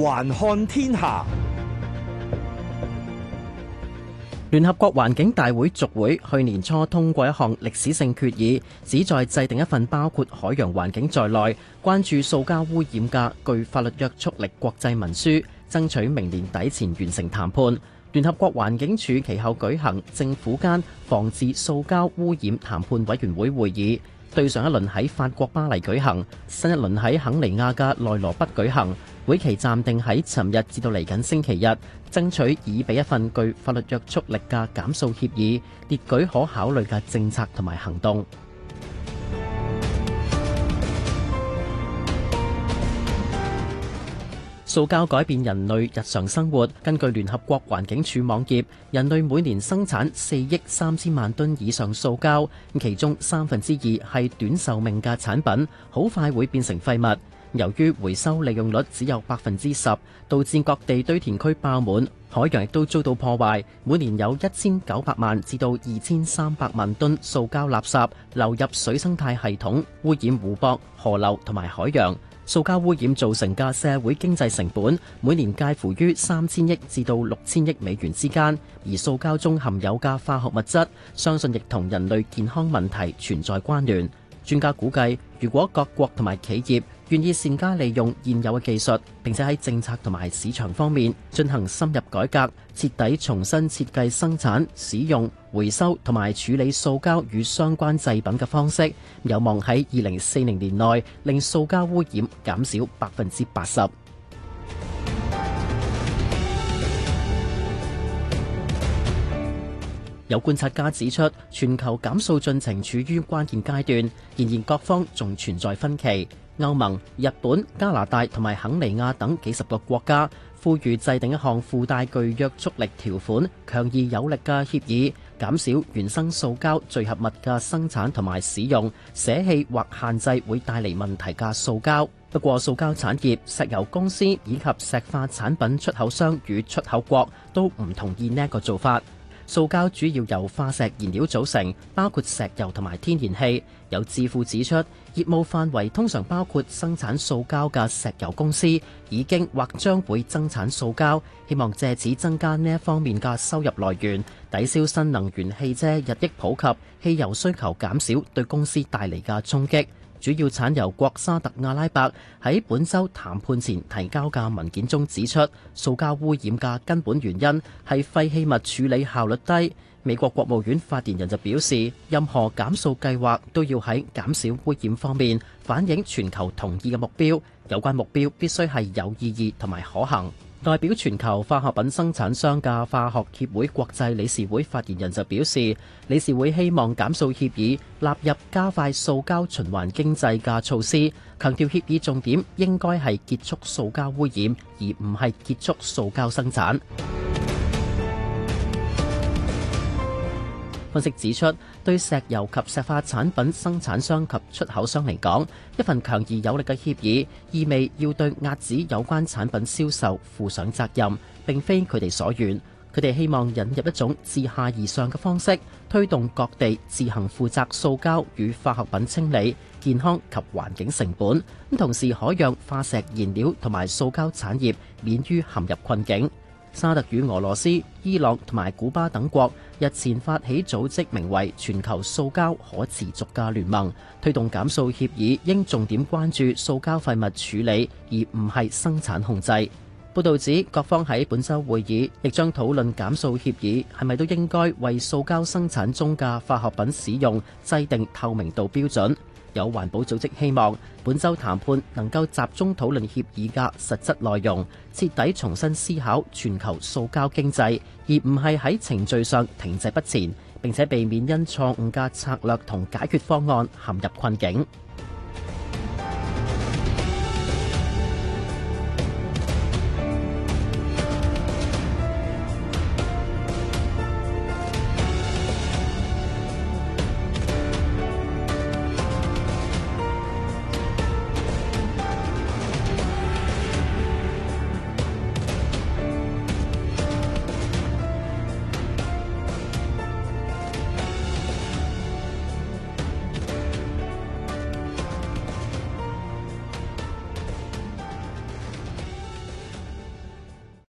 環看天下，聯合國環境大會續會去年初通過一項歷史性決議，旨在制定一份包括海洋環境在內、關注塑膠污染嘅具法律約束力國際文書，爭取明年底前完成談判。聯合國環境署其後舉行政府間防治塑膠污染談判委員會會議，對上一輪喺法國巴黎舉行，新一輪喺肯尼亞嘅內羅畢舉行，會期暫定喺尋日至到嚟緊星期日，爭取擬備一份具法律約束力嘅減塑協議，列舉可考慮嘅政策同埋行動。塑膠改變人類日常生活。根據聯合國環境署網頁，人類每年生產四億三千萬噸以上塑膠，其中三分之二係短壽命嘅產品，好快會變成廢物。由於回收利用率只有百分之十，導致各地堆填區爆滿，海洋亦都遭到破壞，每年有一千九百萬至到二千三百萬噸塑膠垃圾流入水生態系統，污染湖泊、河流同埋海洋。塑膠污染造成嘅社會經濟成本，每年介乎於三千億至到六千億美元之間，而塑膠中含有嘅化學物質，相信亦同人類健康問題存在關聯。專家估計，如果各國同埋企業願意善加利用現有嘅技術，並且喺政策同埋市場方面進行深入改革，徹底重新設計生產、使用、回收同埋處理塑膠與相關製品嘅方式，有望喺二零四零年內令塑膠污染減少百分之八十。有觀察家指出，全球減塑進程處於關鍵階段，現然而各方仲存在分歧。歐盟、日本、加拿大同埋肯尼亞等幾十個國家呼籲制定一項附帶具約束力條款、強而有力嘅協議，減少原生塑膠聚合物嘅生產同埋使用，捨棄或限制會帶嚟問題嘅塑膠。不過，塑膠產業、石油公司以及石化產品出口商與出口國都唔同意呢一個做法。塑膠主要由化石燃料組成，包括石油同埋天然氣。有智庫指出，業務範圍通常包括生產塑膠嘅石油公司，已經或將會增產塑膠，希望借此增加呢一方面嘅收入來源，抵消新能源汽車日益普及、汽油需求減少對公司帶嚟嘅衝擊。主要產油國沙特阿拉伯喺本週談判前提交嘅文件中指出，塑膠污染嘅根本原因係廢棄物處理效率低。美國國務院發言人就表示，任何減塑計劃都要喺減少污染方面反映全球同意嘅目標，有關目標必須係有意義同埋可行。代表全球化學品生產商嘅化學協會國際理事會發言人就表示，理事會希望減塑協議納入加快塑膠循環經濟嘅措施，強調協議重點應該係結束塑膠污染，而唔係結束塑膠生產。分析指出，對石油及石化產品生產商及出口商嚟講，一份強而有力嘅協議，意味要對遏止有關產品銷售負上責任，並非佢哋所願。佢哋希望引入一種自下而上嘅方式，推動各地自行負責塑膠與化學品清理、健康及環境成本，同時可讓化石燃料同埋塑膠產業免於陷入困境。沙特與俄羅斯、伊朗同埋古巴等國日前發起組織，名為全球塑膠可持續嘅聯盟，推動減塑協議，應重點關注塑膠廢物處理，而唔係生產控制。報導指，各方喺本周會議亦將討論減塑協議係咪都應該為塑膠生產中嘅化，化學品使用，制定透明度標準。有環保組織希望本週談判能夠集中討論協議嘅實質內容，徹底重新思考全球塑膠經濟，而唔係喺程序上停滯不前，並且避免因錯誤嘅策略同解決方案陷入困境。